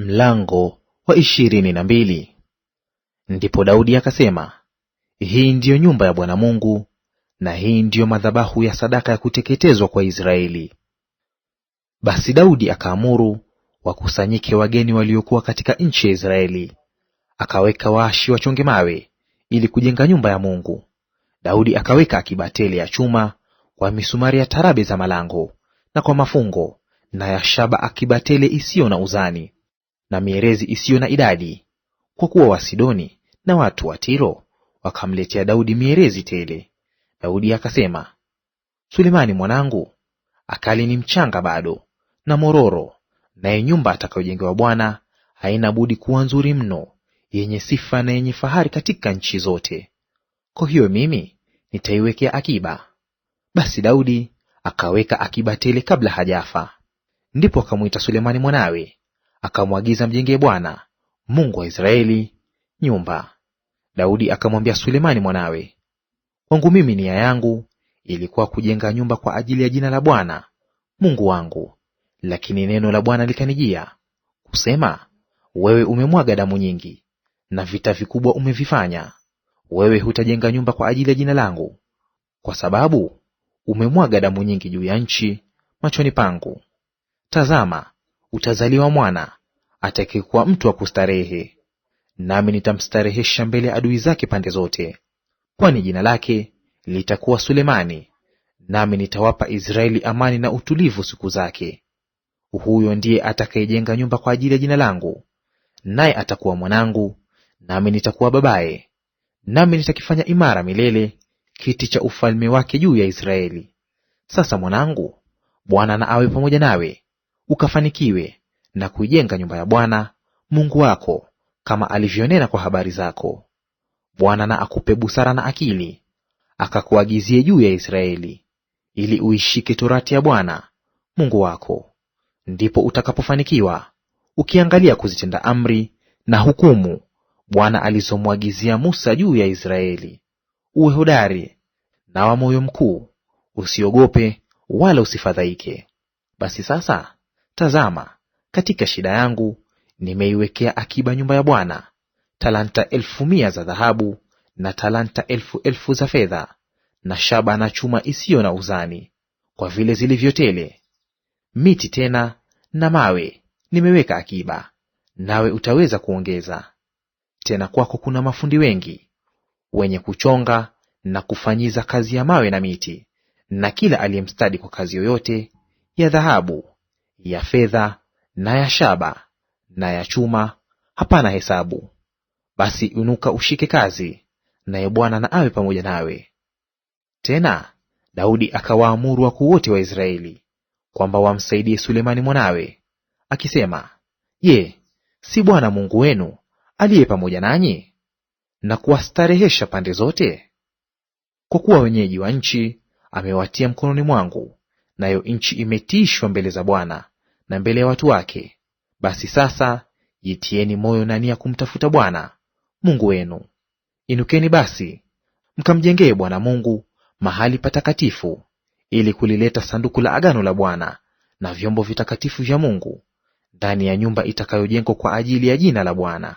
Mlango wa ishirini na mbili. Ndipo Daudi akasema, hii ndiyo nyumba ya Bwana Mungu, na hii ndiyo madhabahu ya sadaka ya kuteketezwa kwa Israeli. Basi Daudi akaamuru wakusanyike wageni waliokuwa katika nchi ya Israeli, akaweka waashi wachonge mawe ili kujenga nyumba ya Mungu. Daudi akaweka akiba tele ya chuma kwa misumari ya tarabe za malango na kwa mafungo, na ya shaba akiba tele isiyo na uzani na mierezi isiyo na idadi, kwa kuwa Wasidoni na watu wa Tiro wakamletea Daudi mierezi tele. Daudi akasema, Sulemani mwanangu akali ni mchanga bado na mororo, naye nyumba atakayojengewa Bwana haina budi kuwa nzuri mno, yenye sifa na yenye fahari katika nchi zote. Kwa hiyo mimi nitaiwekea akiba. Basi Daudi akaweka akiba tele kabla hajafa. Ndipo akamwita Sulemani mwanawe akamwagiza mjengee Bwana Mungu wa Israeli nyumba. Daudi akamwambia Sulemani mwanawe, kwangu mimi nia yangu ilikuwa kujenga nyumba kwa ajili ya jina la Bwana Mungu wangu, lakini neno la Bwana likanijia kusema, wewe umemwaga damu nyingi na vita vikubwa umevifanya; wewe hutajenga nyumba kwa ajili ya jina langu, kwa sababu umemwaga damu nyingi juu ya nchi machoni pangu. Tazama, utazaliwa mwana atakayekuwa mtu wa kustarehe, nami nitamstarehesha mbele ya adui zake pande zote. Kwani jina lake litakuwa Sulemani, nami nitawapa Israeli amani na utulivu siku zake. Huyo ndiye atakayejenga nyumba kwa ajili ya jina langu, naye atakuwa mwanangu, nami nitakuwa babaye, nami nitakifanya imara milele kiti cha ufalme wake juu ya Israeli. Sasa mwanangu, Bwana na awe pamoja nawe, ukafanikiwe na kuijenga nyumba ya Bwana Mungu wako, kama alivyonena kwa habari zako. Bwana na akupe busara na akili, akakuagizie juu ya Israeli, ili uishike torati ya Bwana Mungu wako. Ndipo utakapofanikiwa ukiangalia kuzitenda amri na hukumu Bwana alizomwagizia Musa juu ya Israeli. Uwe hodari na wa moyo mkuu, usiogope wala usifadhaike. Basi sasa Tazama, katika shida yangu nimeiwekea akiba nyumba ya Bwana talanta elfu mia za dhahabu na talanta elfu elfu za fedha na shaba na chuma isiyo na uzani, kwa vile zilivyo tele. Miti tena na mawe nimeweka akiba, nawe utaweza kuongeza. Tena kwako kuna mafundi wengi wenye kuchonga na kufanyiza kazi ya mawe na miti, na kila aliyemstadi kwa kazi yoyote ya dhahabu ya fedha na ya shaba na ya chuma hapana hesabu. Basi inuka ushike kazi, naye Bwana na awe pamoja nawe. Tena Daudi akawaamuru wakuu wote wa Israeli kwamba wamsaidie Sulemani mwanawe, akisema, Je, si Bwana Mungu wenu aliye pamoja nanyi na kuwastarehesha pande zote? Kwa kuwa wenyeji wa nchi amewatia mkononi mwangu, nayo nchi imetishwa mbele za Bwana na mbele ya watu wake. Basi sasa jitieni moyo na nia kumtafuta Bwana Mungu wenu. Inukeni basi mkamjengee Bwana Mungu mahali patakatifu, ili kulileta sanduku la agano la Bwana na vyombo vitakatifu vya Mungu ndani ya nyumba itakayojengwa kwa ajili ya jina la Bwana.